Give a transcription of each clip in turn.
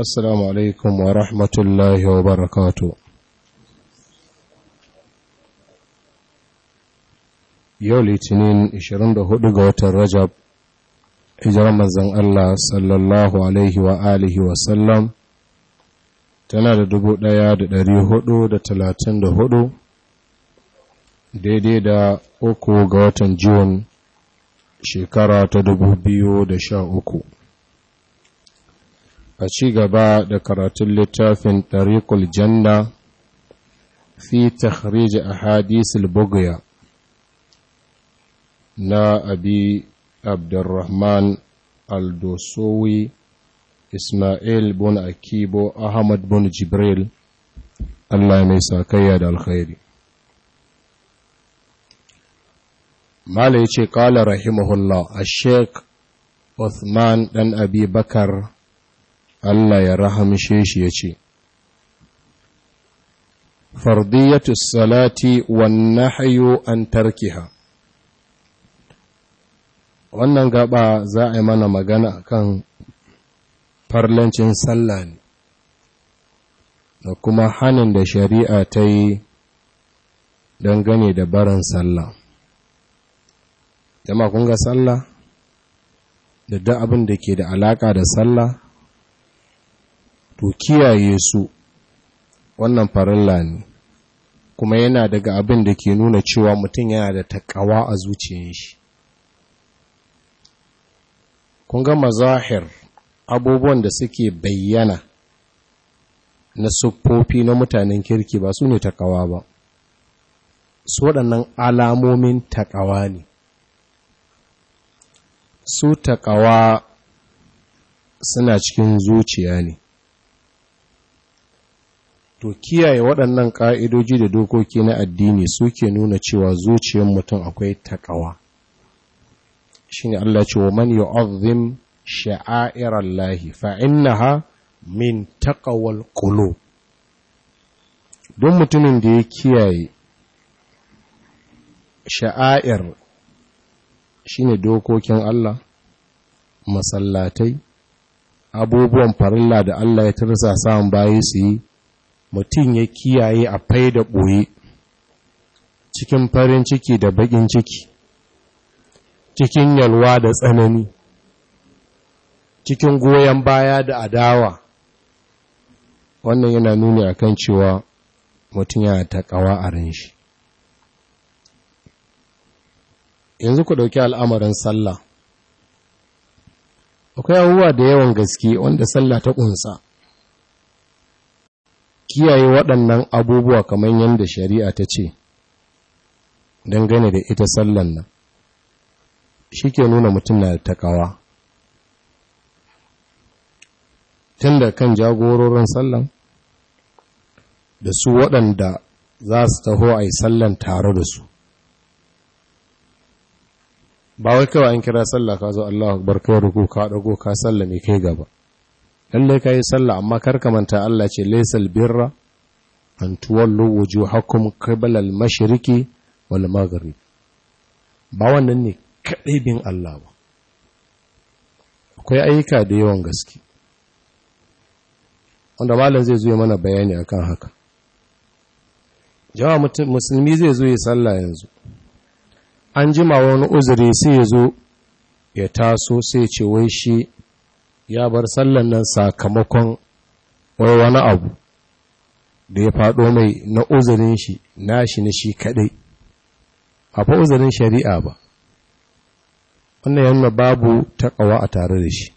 Assalamu alaikum wa rahmatullahi wa barakatu. Yau Litinin 24 ga watan Rajab, hijirar manzan Allah tana sallallahu dubu ɗaya da wasallam tana da 1434 daidai da uku ga watan Jun shekara ta dubu biyu da sha uku. a ci gaba da karatun littafin ɗariƙul janda fi takhrij ahadisul buga na abi abdurrahman al-dosowi ismail bin akibo ahmad bin jibril allah mai sakayya da alkhairi mala ya ce kala rahimahullah a sheik othman ɗan abi bakar Allah ya rahamshe shi ya ce, Fardiyatus salati wan hayo an tarkiha Wannan gaba za a yi mana magana kan farlancin sallah ne, da kuma hannun da shari'a ta yi dangane da barin sallah. Jama kunga sallah? da duk abin da ke da alaƙa da sallah to kiyaye su wannan farilla ne kuma yana daga abin da ke nuna cewa mutum yana da takawa a zuciyar shi kun ga mazahir abubuwan da suke bayyana na siffofi na mutanen kirki ba su ne takawa ba su waɗannan alamomin takawa ne su takawa suna cikin zuciya ne to kiyaye waɗannan ƙa'idoji da dokoki na addini suke nuna cewa zuciyar mutum akwai taƙawa shi ne Allah ce wa man yi azim sha'a'irar lahi ha min taƙawar ƙulo don mutumin da ya kiyaye sha'a'ir shi ne dokokin Allah masallatai abubuwan farilla da Allah ya tarsa samun bayi su yi mutum ya kiyaye a fai da ɓoye cikin farin ciki da baƙin ciki cikin yalwa da tsanani cikin goyon baya da adawa wannan yana nuni akan cewa mutum yana taƙawa a ran shi yanzu ku ɗauki al'amarin sallah akwai abubuwa da yawan gaske wanda sallah ta ƙunsa kiyaye waɗannan abubuwa kamar yadda shari'a ta ce dangane da ita sallan nan shi ke nuna mutum na takawa tun da kan jagororin sallan da su waɗanda za su taho a yi sallan tare da su ba wai kawai an kira sallah ka zo Allah barkar ruku ka ɗago ka sallame kai gaba lalle ka yi sallah amma kar ka manta Allah ce laisal birra an tuwallu wujuhakum qibla al mashiriki wal maghrib ba wannan ne kadai bin Allah ba akwai ayyuka da yawan gaske wanda malam zai zo mana bayani akan haka jawa musulmi zai zo ya sallah yanzu an jima wani uzuri sai ya zo ya taso sai ce wai shi ya bar sallan nan sakamakon wai wani abu da ya faɗo mai na uzurin shi na shi na shi kaɗai a fa uzurin shari'a ba wannan yana babu taƙawa a tare da shi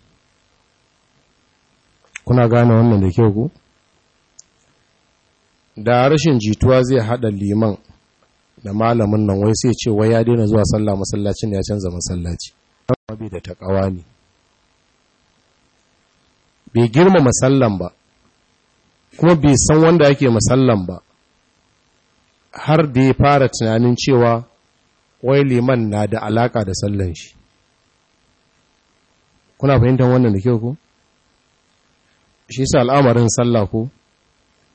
kuna gane wannan da kyau ku da rashin jituwa zai haɗa liman da malamin nan wai sai ce wai ya daina zuwa sallah masallacin ya canza masallaci amma bai da taƙawa ne bai girma masallan ba kuma bai san wanda yake masallan ba har da ya fara tunanin cewa wai liman na da alaka da sallan shi kuna fahimtar wannan da kyau ko shi sa al'amarin sallah ko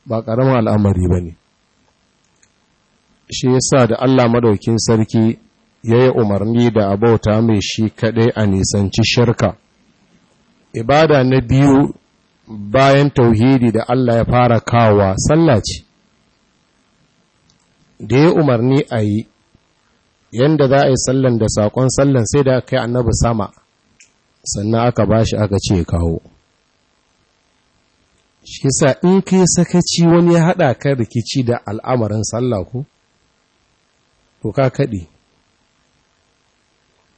ba ƙaramin al'amari ba ne shi sa da Allah madaukin sarki ya yi umarni da abauta mai shi kaɗai a nisanci shirka ibada na biyu bayan tauhidi da Allah ya fara kawowa sallah ce da ya umarni a yi yadda za a yi sallan da saƙon sallan sai da aka yi annabi sama sannan aka ba shi aka ce kawo shi sa in ka yi sakaci wani ya haɗa kan rikici da al'amarin sallah ku to ka kaɗi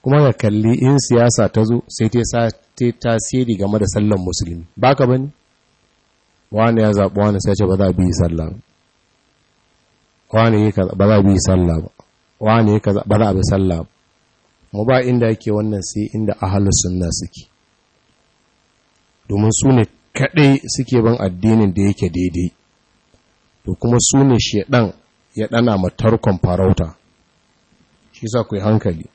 kuma ka kalli in siyasa ta zo sai ta tasiri game da sallan musulmi ba ka bane wani ya zaɓi wani sai ce ba za a biyi sallah wani ba za a biyi sallah ba wani ba za a bi sallah ba mu ba inda yake wannan sai inda ahalus sunna suke domin su ne kaɗai suke ban addinin da yake daidai to kuma su ne shedan ya ɗana matarkon farauta shi sa ku yi hankali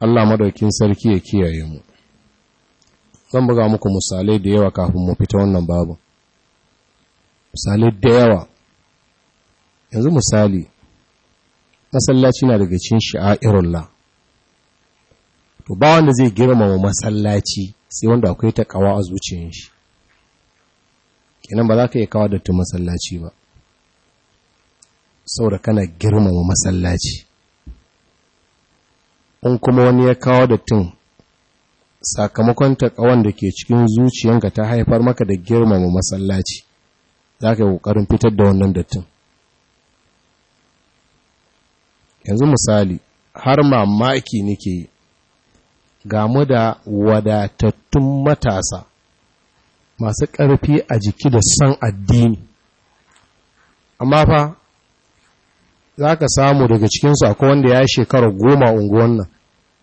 Allah madaukin sarki ya kiyaye mu zan buga muku misalai da yawa kafin mu fita wannan babu misalai da yawa yanzu misali masallaci na daga cikin sha'irullah to ba wanda zai girmama masallaci sai wanda akwai ta kawa a zuciyar shi kenan ba za ka iya kawo dattin masallaci ba saboda kana girmama masallaci in kuma wani ya kawo dattin sakamakon taƙawan da ke cikin zuciyanka ta haifar maka da girmama masallaci za ka yi ƙoƙarin fitar da wannan dattin yanzu misali har mamaki nake gamu da wadatattun matasa masu ƙarfi a jiki da san addini amma fa za ka samu daga cikinsu akwai wanda ya shekara goma unguwan nan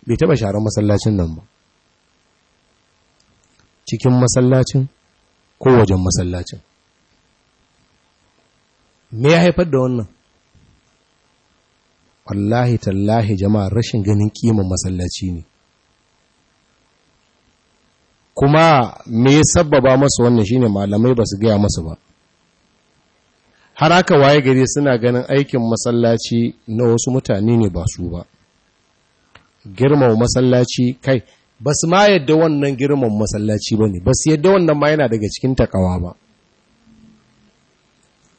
bai taba sharar masallacin nan ba cikin masallacin ko wajen masallacin me ya haifar da wannan wallahi tallahi jama'ar rashin ganin kiman masallaci ne kuma me ya sabbaba masa wannan shine malamai ba su gaya masu ba har aka waye gari suna ganin aikin masallaci na wasu mutane ne ba su ba girmama masallaci kai ba su ma yadda wannan girmama masallaci ba ne ba su yadda wannan ma yana daga cikin takawa ba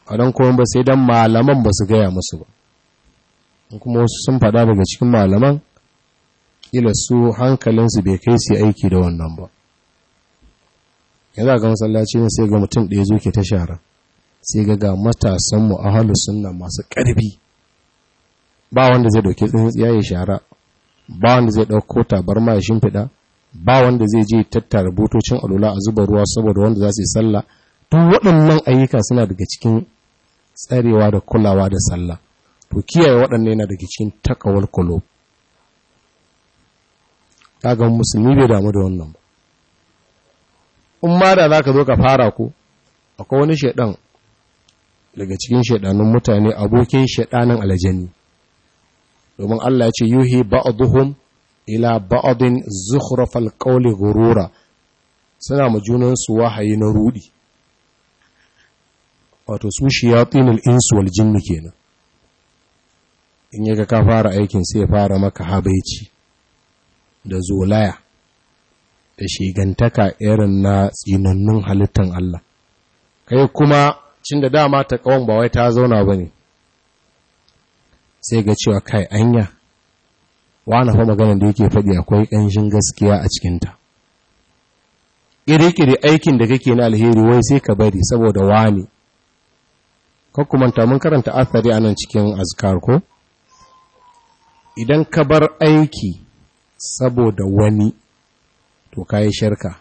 a don kuma ba sai don malaman ba su gaya masu ba kuma wasu sun fada daga cikin malaman kila su hankalinsu bai kai su aiki da wannan ba yanzu ga masallaci ne sai ga mutum ɗaya zo ke ta shara sai ga ga matasanmu a halin sunna masu ƙarfi ba wanda zai dauke tsintsiya ya shara ba wanda zai ɗauko ma ya shimfiɗa ba wanda zai je tattara butocin alula a zuba ruwa saboda wanda za su yi sallah duk waɗannan ayyuka suna daga cikin tsarewa da kulawa da sallah to kiyaye waɗannan yana daga cikin takawar kulob kaga musulmi bai damu da wannan ba in ma da za ka zo ka fara ko akwai wani shaidan daga cikin shaidanun mutane abokin shaidanin aljanni domin Allah ya ce yuhi ba'dhum ila ba'din zukhrafal qawli ghurura suna ma junansu su wahayi na rudi wato su shayatinul ins wal jinn kenan in yaga ka fara aikin sai ya fara maka habaici da zolaya da shigantaka irin na tsinannun halittan Allah kai kuma cin da dama ta kawon ba wai ta zauna bane sai ga cewa kai anya wani fa maganar da yake faɗi akwai ƙanshin gaskiya a cikinta ƙiriƙiri aikin da kake na alheri wai sai ka bari saboda wani kakkumanta mun karanta athari a nan cikin azkar ko idan ka bar aiki saboda wani to ka yi shirka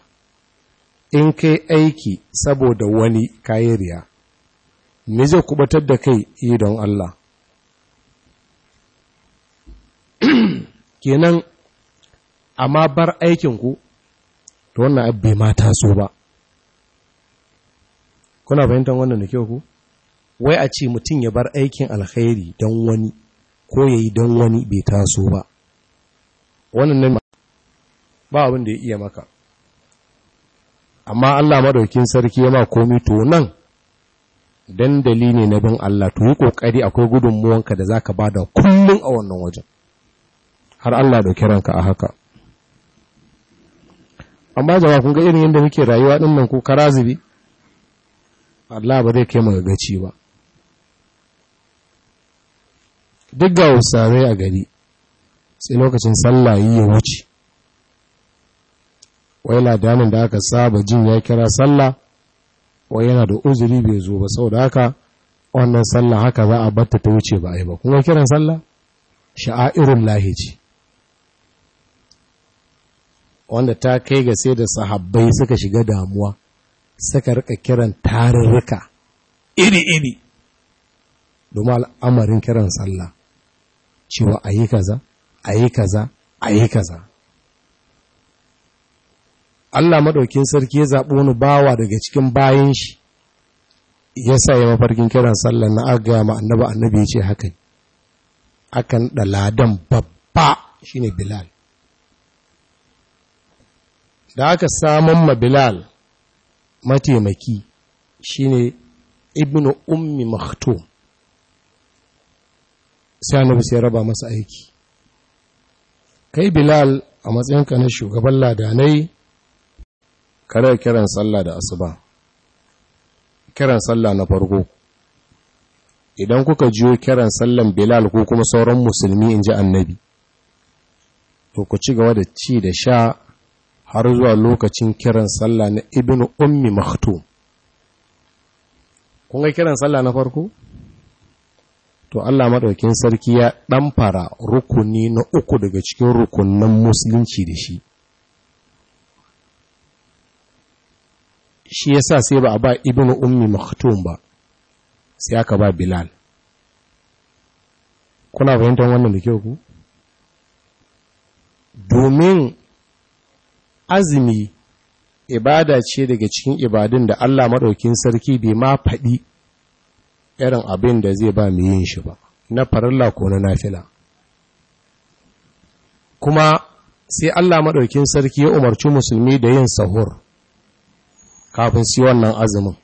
in kai aiki saboda wani yi riya me zai kubatar da kai idon Allah kenan amma bar aikinku, to wannan abu ma taso ba kuna fahimtar wannan da kyau ku wai a ce mutum ya bar aikin alkhairi don wani ko ya yi don wani bai taso ba wannan nan ba abin da ya iya maka amma Allah madaukin sarki ya ma komi to nan dandali ne na bin Allah to yi kokari akwai gudunmuwanka da zaka bada kullum a wannan wajen har Allah da kiranka a haka amma jama kun ga irin yadda muke rayuwa ɗin nan ko karazibi Allah ba zai kai mu gaci ba duk ga wasarai a gari sai lokacin sallah yi ya wuce wai ladanin da aka saba jin ya kira sallah wai yana da uzuri bai zo ba sau da haka wannan sallah haka za a batta ta wuce ba a yi ba kuma kiran sallah sha'airun irin ce wanda ta kai ga sai da sahabbai suka shiga damuwa suka rika kiran tarurruka iri-iri domin al'amarin kiran sallah cewa a yi kaza a yi kaza a yi kaza Allah maɗaukin sarki ya zaɓi wani bawa daga cikin bayan shi ya sa ya mafarkin kiran sallah na agaya ma annaba annabi ya ce haka akan ɗaladan babba shine bilal da aka samun ma Bilal mataimaki shine ibnu ummi Makhto, sai annabi sai raba masa aiki kai Bilal a matsayinka na shugaban ladanai kare kiran sallah da asuba kiran sallah na farko idan kuka jiyo kiran sallan Bilal ko kuma sauran musulmi in ji annabi to ku ci gaba da ci da sha har zuwa lokacin kiran sallah na ibn ummi maktum kun ga kiran sallah na farko to Allah madaukin sarki ya fara rukuni na uku daga cikin rukunnan musulunci da shi shi yasa sai ba a ba ibn ummi maktum ba sai aka ba bilal kuna fahimtar wannan da kyau ku domin azumi ibada ce daga cikin ibadun da Allah maɗaukin sarki bai ma faɗi irin abin da zai ba mu yin shi ba na farilla ko na nafila kuma sai Allah maɗaukin sarki ya umarci musulmi da yin sahur kafin su wannan azumin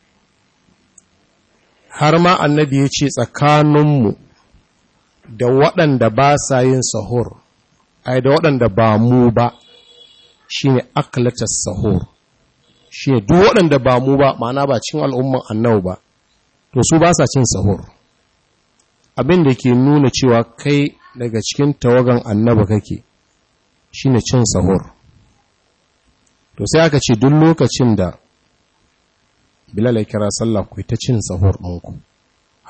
har ma annabi ya ce tsakaninmu da waɗanda ba sa yin sahur ai da waɗanda ba mu ba Shi ne aklatas sahur shi ne duk waɗanda ba mu ba ma'ana ba cin al'umman annau ba to su ba sa cin sahur abin da ke nuna cewa kai daga cikin tawagan annaba kake shi ne cin sahur to sai aka ce duk lokacin da bilal ya kira sallah ku ta cin sahur ɗinku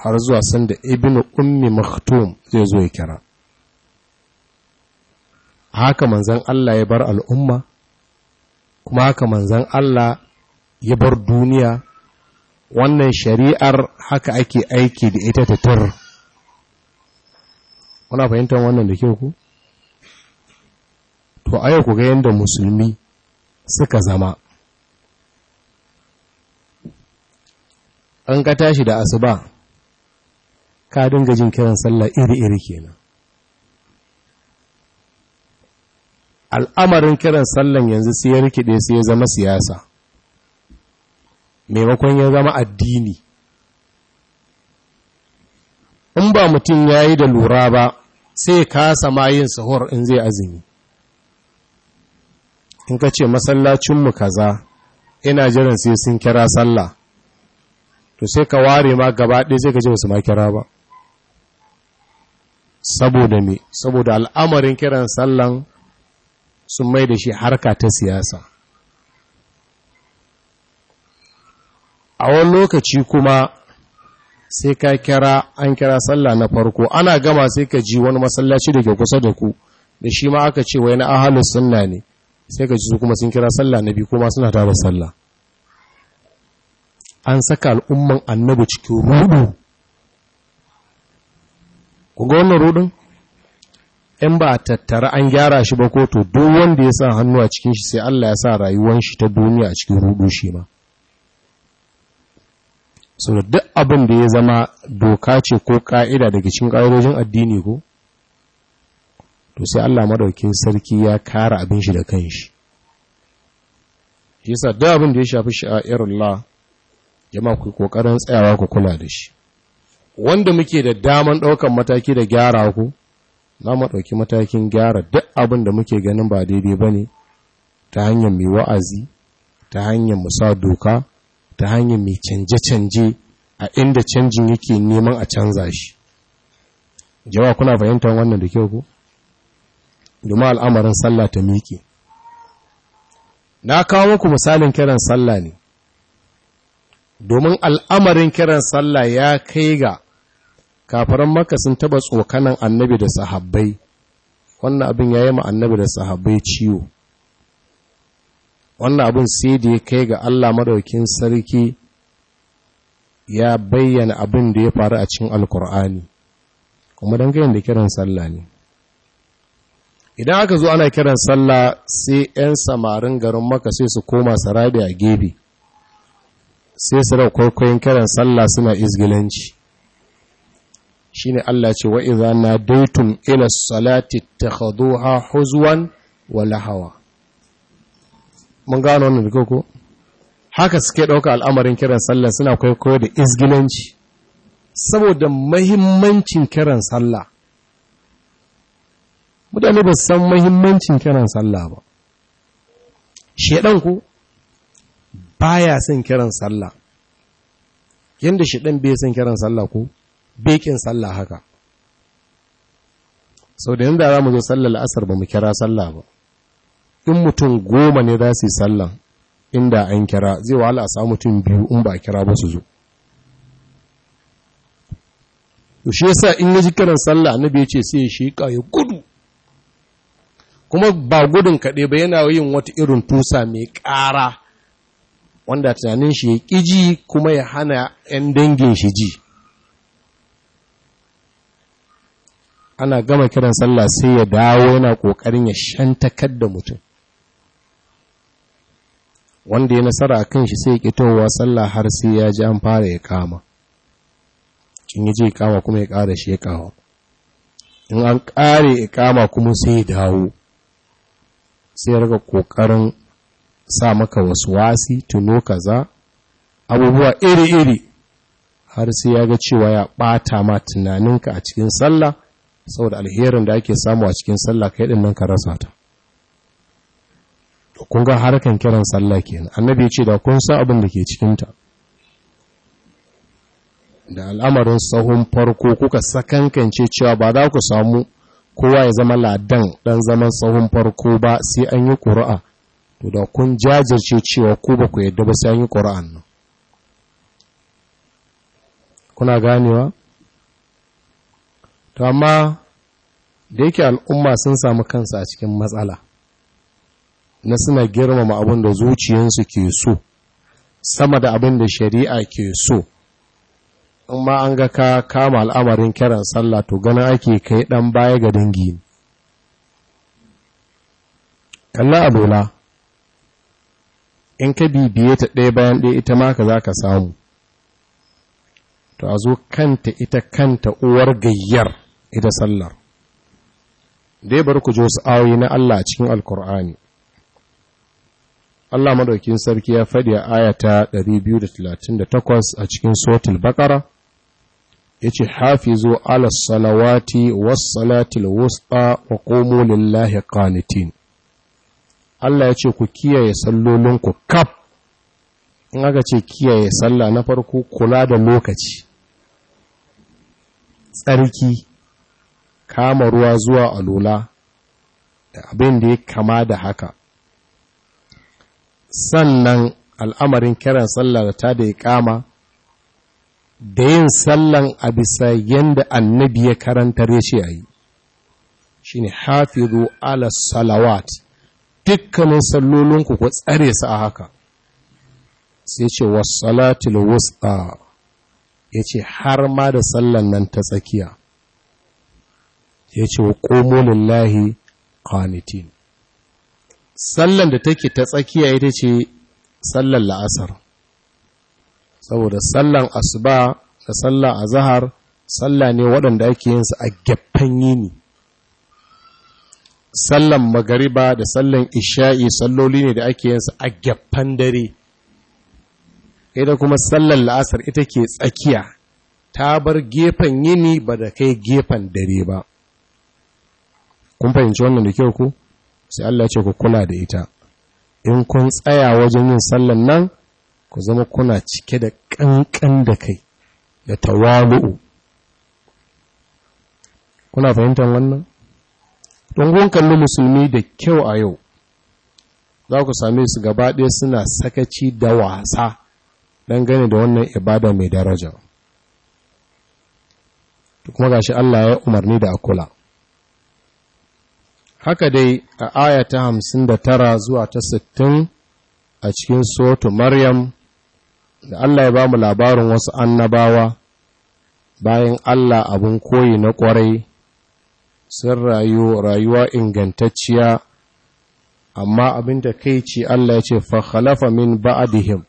har zuwa sanda ibnu ummi maktum zai zo ya kira haka manzon Allah ya bar al'umma kuma haka manzan Allah ya bar duniya wannan shari'ar haka ake aiki da ita ta tur. kuna fahimtar wannan da kyau ku to aya ku ga yadda musulmi suka zama an ka tashi da asuba ka dinga jin kiran sallah iri-iri kenan al'amarin kiran sallan yanzu sai ya rikide sai ya zama siyasa maimakon ya zama addini in ba mutum ya yi da lura ba sai kasa ma yin sahur in zai azumi in ka ce masallacinmu kaza ina jiran sai sun kira sallah to sai ka ware ma gaba sai ka ce wasu ma kira ba saboda me saboda al'amarin kiran sallan sun mai da shi harka ta siyasa a wani lokaci kuma sai ka kira an kira sallah na farko ana gama sai ka ji wani masallaci da ke kusa da ku da shi ma aka ce wai na ahalus sunna ne sai ka ji su kuma sun kira sallah na biyu kuma suna tara sallah an saka al'umman annabi cikin rudu ku ga wannan rudin in ba a tattara an gyara shi ba ko to duk wanda ya sa hannu a cikin shi sai Allah ya sa rayuwar shi ta duniya a cikin rudu shi ma so duk abin da ya zama doka ce ko ka'ida daga cikin ƙa'idojin addini ko to sai Allah madaukin sarki ya kara abin shi da kanshi yasa duk abin da ya shafi Allah jama'a ku kokarin tsayawa ku kula da shi wanda muke da daman daukan mataki da gyara ku za mu ɗauki matakin gyara duk abin da muke ganin ba daidai ba ne ta hanyar mai wa'azi ta hanyar musa doka ta hanyar mai canje-canje a inda canjin yake neman a canza shi jawa kuna fahimtar wannan da kyau ku domin al'amarin sallah ta miƙe na kawo muku misalin kiran sallah ne domin al'amarin kiran sallah ya kai ga kafaran maka sun taba tsokanan annabi da sahabbai wannan abin ya yi annabi da sahabbai ciwo wannan abin sai da ya kai ga Allah madaukin sarki ya bayyana abin da ya faru a cikin alkur'ani kuma don da kiran sallah ne idan aka zo ana kiran sallah sai 'yan samarin garin maka sai su koma sarabi a gebe sai su rau kwaikwayon kiran sallah suna izgilanci ne Allah ce wa na daitun ila salati ta takhaduha huzwan wa lahawa mun gano wannan da ko haka suke ɗauka al'amarin kiran sallah suna kwaikwayo da izgilanci saboda mahimmancin kiran sallah mutane ba san mahimmancin kiran sallah ba shedan ku baya son kiran sallah yanda shedan bai son kiran sallah ko bekin sallah haka sau da yadda za mu zo sallar la'asar ba mu kira sallah ba in mutum goma ne za su yi sallah inda an kira zai wahala a samu mutum biyu in ba kira ba su zo shi yasa in ya ji kiran sallah na ya ce sai ya shika ya gudu kuma ba gudun kaɗai ba yana yin wata irin tusa mai ƙara wanda tunanin shi ya ƙiji kuma ya hana 'yan dangin shi ji ana gama kiran sallah sai ya dawo yana kokarin ya shantakar da mutum wanda ya nasara a kan shi sai ya ƙitowa sallah har sai ya ji an fara ya kama in ya ji kama kuma ya ƙara shi ya kawo in an ƙare ya kama kuma sai ya dawo sai ya raga ƙoƙarin sa maka wasu wasi tuno kaza abubuwa iri-iri har sai ya ga cewa ya ɓata ma tunaninka a cikin sallah saboda alherin da ake samu a cikin sallah kai din nan ka rasa ta to kun ga harkan kiran sallah kenan annabi ya ce da kun san abin da ke cikin ta da al'amarin sahun farko kuka sakankance cewa ba za ku samu kowa ya zama ladan dan zaman sahun farko ba sai an yi ƙuri'a to da kun jajirce cewa ku ba ku yadda ba sai an yi qur'an nan kuna ganewa to amma da yake al'umma sun samu kansu a cikin matsala na suna girmama abin da zuciyarsu ke so sama da abin da shari'a ke so in ma an ga ka kama al'amarin kiran sallah to ganin ake kai dan baya ga dangi kalla abola in ka bibiye ta ɗaya bayan ɗaya ita ma ka za ka samu to a zo kanta ita kanta uwar gayyar ita sallar dai bar ku ji wasu ayoyi na Allah a cikin alkur'ani Allah madaukin sarki ya faɗi a ayata 238 a cikin sotul bakara ya ce hafizu ala salawati was salatil wusta wa qumu lillahi qanitin Allah ya ce ku kiyaye sallolinku kaf in aka ce kiyaye sallah na farko kula da lokaci tsarki kama ruwa zuwa alola da abin da ya kama da haka sannan al'amarin kiran sallar ta da ya kama da yin sallan a bisa yadda annabi ya karantar shi a yi shi ne hafizu ala salawat dukkanin sallolinku ku tsare su a haka sai ce wasu wasalatul wus'a ya ce har ma da sallan nan ta tsakiya ya ce wa komo lillahi kwanitin sallan da take ta tsakiya ita ce sallan la'asar saboda sallan asuba da sallan azahar salla ne waɗanda ake yin su a gyaffan yini sallan magariba da sallan isha'i salloli ne da ake yin su a gyaffan dare ita kuma sallan la'asar ita ke tsakiya ta bar gefen yini ba da kai gefen dare ba kun fahimci wannan da kyau ku sai Allah ce ku kula da ita in kun tsaya wajen yin sallan nan ku zama kuna cike da kankan da kai da tawalu'u kuna fahimtar wannan don kun kalli musulmi da kyau a yau za ku same su gaba ɗaya suna sakaci da wasa don gane da wannan ibada mai daraja kuma gashi Allah ya umarni da akula haka dai a aya ta hamsin da tara zuwa ta sittin a cikin sotu maryam da Allah ya ba mu labarin wasu annabawa bayan Allah abin koyi na kwarai sun rayu rayuwa ingantacciya amma abin da kai ce Allah ya ce fakhalafa min ba'dihim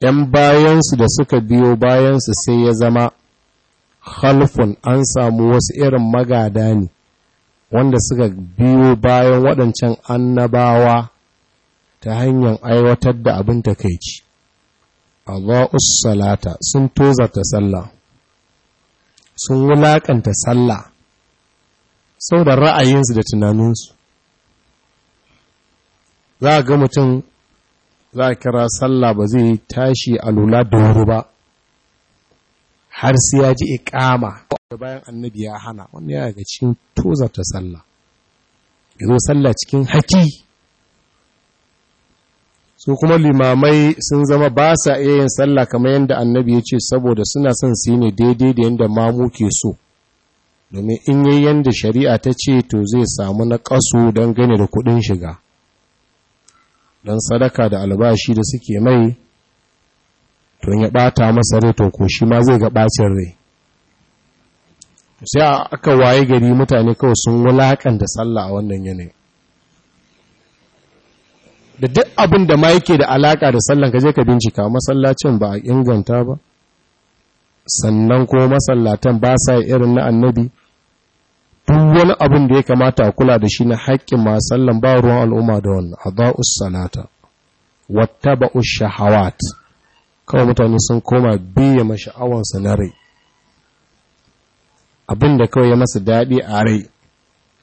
‘yan bayansu da suka biyo bayansu sai ya zama khalfun an samu wasu irin magada ne wanda suka biyo bayan waɗancan annabawa ta hanyar aiwatar da abin ta takeici Allahus salata sun toza ta sallah sun wulaƙanta sallah sau da ra'ayinsu da tunaninsu za a ga mutum za a kira sallah ba zai tashi a lula da wuri ba har sai ya ji ikama. da bayan annabi ya hana wannan ya ga cikin tozarta sallah yazo sallah cikin haki su kuma limamai sun zama ba sa iya yin sallah kamar yadda annabi ya ce saboda suna son su yi ne daidai da yadda mamu ke so domin in yi yadda shari'a ta ce to zai samu na ƙasu don gane da kuɗin shiga don sadaka da albashi da suke mai to ya bata masa rai to ko shi ma zai ga bacin rai sai aka waye gari mutane kawai sun da sallah a wannan yanayi da duk abin da ma yake da alaƙa da sallan ka je ka bincika masallacin ba a inganta ba sannan ko masallatan ba sa irin na annabi duk wani abin da ya kamata a kula da shi na haƙƙin ma ba ruwan al'umma da wannan adha'us salata shahawat kawai mutane sun koma biya masha'awansa na rai abinda kawai ya masa daɗi a rai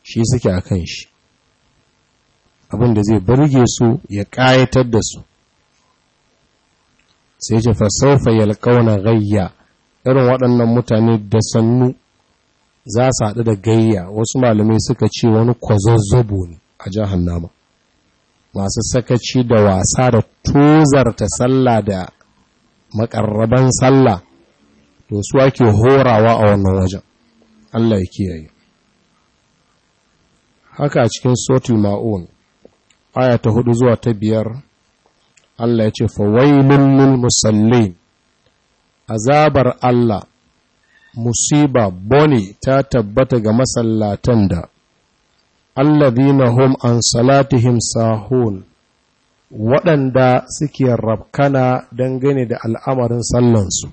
shi suke a kan shi abinda zai burge su ya ƙayatar da su sai ce fasaufa yalƙauna gayya irin waɗannan mutane da sannu za su haɗu da gayya wasu malamai suka ce wani kwazazzabo ne a jihar nama masu sakaci da wasa da tozarta sallah da makarraban sallah to su ake horawa a wannan wajen Allah ya kiyaye haka a cikin sotil ma'un aya ta hudu zuwa ta biyar Allah ya ce fawailun lil musallin azabar Allah musiba boni ta tabbata ga masallatan da alladhina hum an salatihim sahun waɗanda suke rabkana dangane da al'amarin sallansu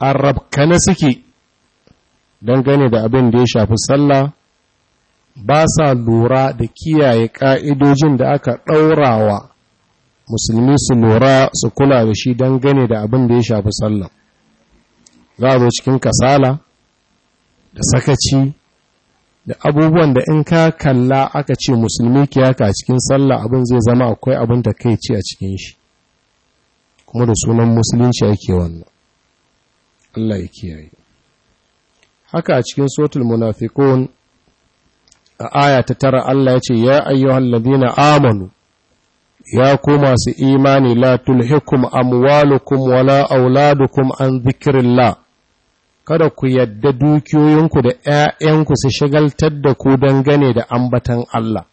an rabkana suke dangane da abin da ya shafi sallah ba sa lura da kiyaye ƙa'idojin da aka ɗaura wa musulmi su lura su kula da shi dangane da abin da ya shafi sallah za a zo cikin kasala da sakaci da abubuwan da in ka kalla aka ce musulmi kiyaka a cikin sallah abin zai zama akwai abin da kai ce a cikin shi kuma da sunan musulunci ake wannan Allah ya kiyaye haka a cikin sotul munafiqun a aya ta tara Allah ya ce ya ayyuhal ladina amanu ya ku masu imani la tulhikum amwalukum wala auladukum an dhikrillah kada ku yadda dukiyoyinku da ‘ya'yanku su shigaltar da ku dangane da ambatan Allah.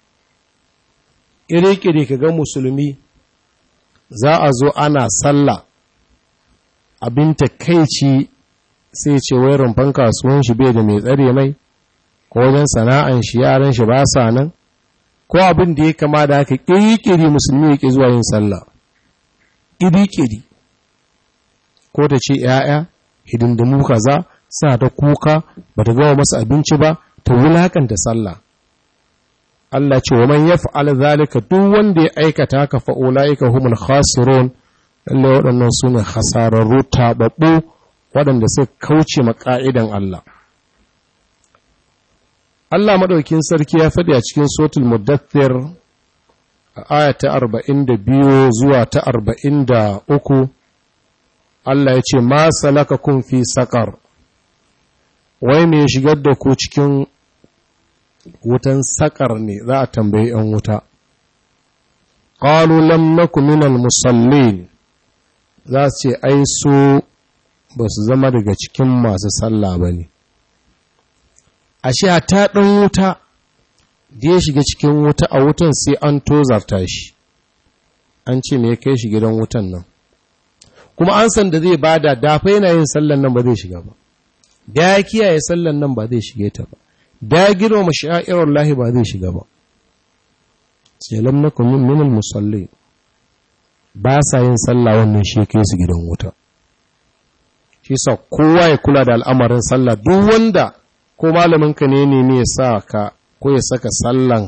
Ƙirƙiri ka ga musulmi za a zo ana sallah abin ta takaici sai ce wai rumfan kasuwan shi bai da mai tsare mai, ko wajen sana'an shi yaran shi ba sa nan, ko abin da ya kama da haka ƙiri musulmi ya ƙi zuwa yin sallah. Ƙirƙiri ko ta ce ‘ya'ya, da hidindimu kaza sa ta kuka bata gawa masa abinci ba ta wulakanta sallah Allah ce wa man yaf'al zalika duk wanda ya aikata ka fa ulaika humul khasirun lalle waɗannan sune hasararru taɓaɓɓu, waɗanda suka kauce ma ƙa'idan Allah Allah maɗaukin sarki ya faɗi a cikin sotul muddathir a aya ta biyu zuwa ta arba'in da uku. Allah ya ce ma salaka kun fi saƙar wai mai shigar da ku cikin wutan saƙar ne za a tambayi ‘yan wuta ƙalu lam naku minal musallin za su ce ai su ba su zama daga cikin masu sallah ba ne a a ta ɗan wuta da ya shiga cikin wuta a wutan sai an tozarta shi an ce me ya kai shi gidan wutan nan kuma an san da zai bada dafa yana yin sallan nan ba zai shiga ba da ya kiyaye sallan nan ba zai shige ta ba da ya girma sha'irar lahi ba zai shiga ba sai lam nakum minal musalli. ba sa yin sallah wannan shi kai su gidan wuta shi sa kowa ya kula da al'amarin sallah duk wanda ko malaminka ne ne ne ya sa ka ko ya saka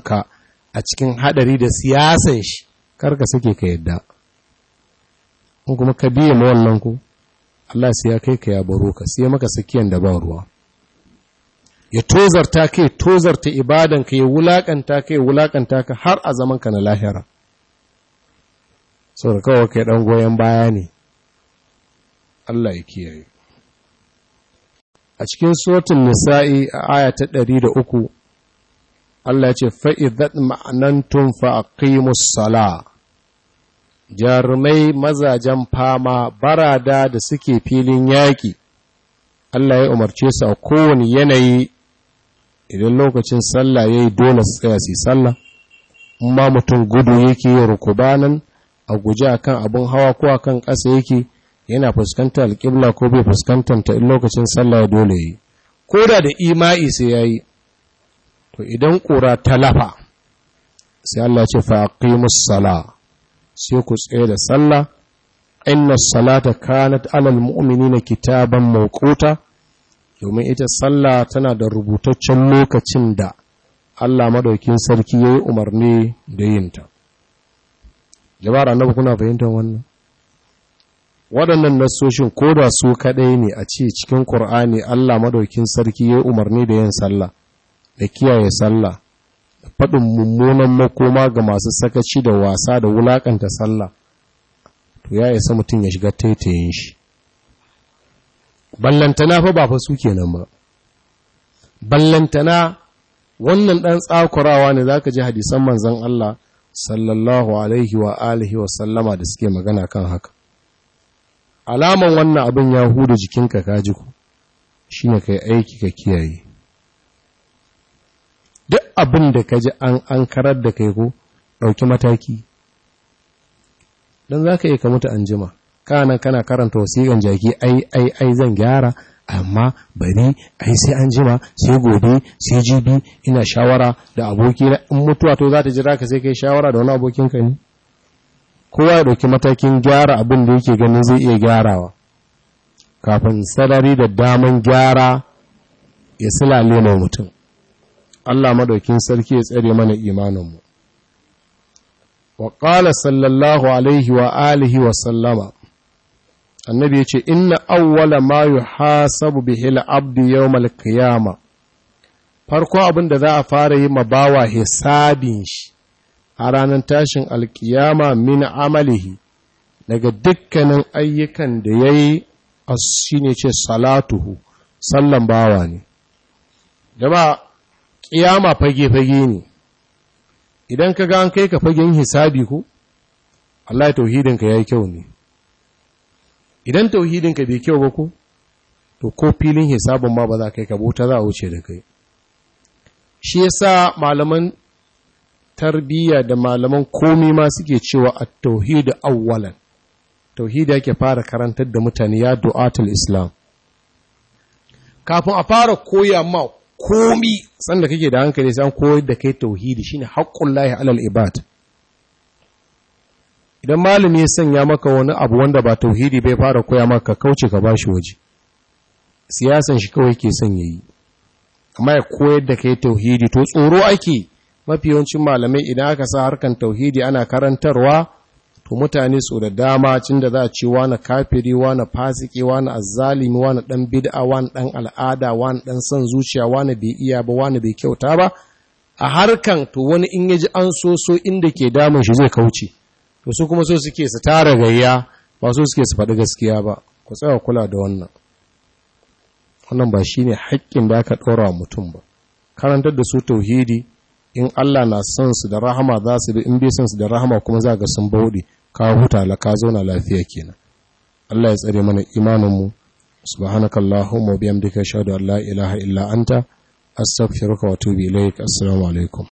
ka a cikin hadari da siyasan shi karka sake ka yadda in kuma ka biye ma wannan ku Allah sai ya kai ka ya baro ka sai maka sakiyan da ba ruwa ya tozarta kai tozarta ibadan ka ya wulakanta ka ya wulakanta ka har a zaman ka na lahira saboda kawai kai dan goyen baya ne Allah ya kiyaye a cikin suratul nisa'i a aya ta 103 Allah ya ce fa idza ma'anantum fa aqimus jarumai mazajen fama barada da suke filin yaƙi Allah ya umarce su a kowane yanayi idan lokacin sallah ya yi dole su tsaya su yi sallah in ma mutum gudu yake yi rukubanan a guje akan abin hawa ko akan kan ƙasa yake yana fuskanta alƙibla ko bai fuskantar ta in lokacin sallah ya dole yi ko da da ima'i sai ya yi to idan ƙura ta lafa sai Allah ce fa aqimus salah sai ku tsaye da sallah inna salata kanat alal mu'minina kitaban mawquta domin ita sallah tana da rubutaccen lokacin da Allah madaukin sarki yayi umarni da yinta jama'ar annabi kuna fahimtar wannan waɗannan nassoshin ko da su kaɗai ne a ce cikin ƙur'ani Allah madaukin sarki yayi umarni da yin sallah da kiyaye sallah faɗin mummunan makoma ga masu sakaci da wasa da wulaƙanta sallah to ya isa mutum ya shiga taitayin shi ballantana fa ba fa su kenan ba ballantana wannan ɗan tsakurawa ne za ka ji hadisan manzan Allah sallallahu alaihi wa alihi wa sallama da suke magana kan haka alaman wannan abin ya huda jikinka kaji ku shi ne ka yi aiki ka kiyaye duk abin da ka ji an karar da kai ko ɗauki mataki don za ka iya ka mutu an jima kana kana karanta wasiƙan jaki ai ai ai zan gyara amma bari ai sai an jima sai gobe sai jibi ina shawara da aboki na in mutuwa to za ta jira ka sai kai shawara da wani abokin ka ne kowa ya ɗauki matakin gyara abin da yake ganin zai iya gyarawa kafin sadari da daman gyara ya silale mai mutum Allah madaukin sarki ya tsare mana imaninmu wa qala sallallahu alaihi wa alihi wa sallama annabi yace inna awwala ma yuhasabu bihi al-abdu yawm qiyama farko abin da za a fara yi mabawa hisabin shi a ranar tashin alkiyama min amalihi daga dukkanin ayyukan da yayi shi ne ce salatuhu sallan bawa ne jama'a ƙiyama fage-fage ne idan ka ga an kai ka fagen hisabi ko Allah tauhidinka ya yi kyau ne idan Tauhidin ka bai kyau ba ko to ko filin hisabin ma ba za kai ka bota za a wuce da kai shi yasa malaman tarbiyya da malaman komi ma suke cewa at-tauhid awwalan tauhidi yake fara karantar da mutane ya du'atul islam kafin a fara koya ma komi sanda kake da hankali san an koyar da kai tauhidi shine lahi alal ibad idan malami ya sanya maka wani abu wanda ba tauhidi bai fara koya maka kauce ka bashi waje siyasan shi kawai ke son yayi amma ya koyar da kai tauhidi to tsoro ake mafi yawancin malamai idan aka sa harkan tauhidi ana karantarwa to mutane so da dama cin da za a ce wani kafiri wani fasiki wani azzalimi wani dan bid'a wani dan al'ada wani dan son zuciya wani bai iya ba wani bai kyauta ba a harkan to wani in yaji an so so inda ke damun shi zai kauce to su kuma so suke su tara gayya ba so suke su faɗi gaskiya ba ku tsaya kula da wannan wannan ba shine haƙƙin da aka ɗora mutum ba karantar da su tauhidi in Allah na son su da rahama za su bi in bai son su da rahama kuma za ga sun bauɗe ka huta la ka zauna lafiya kenan Allah ya tsare mana imanin mu subhanakallahumma wa bihamdika ashhadu an la ilaha illa anta astaghfiruka wa atubu ilaik assalamu alaikum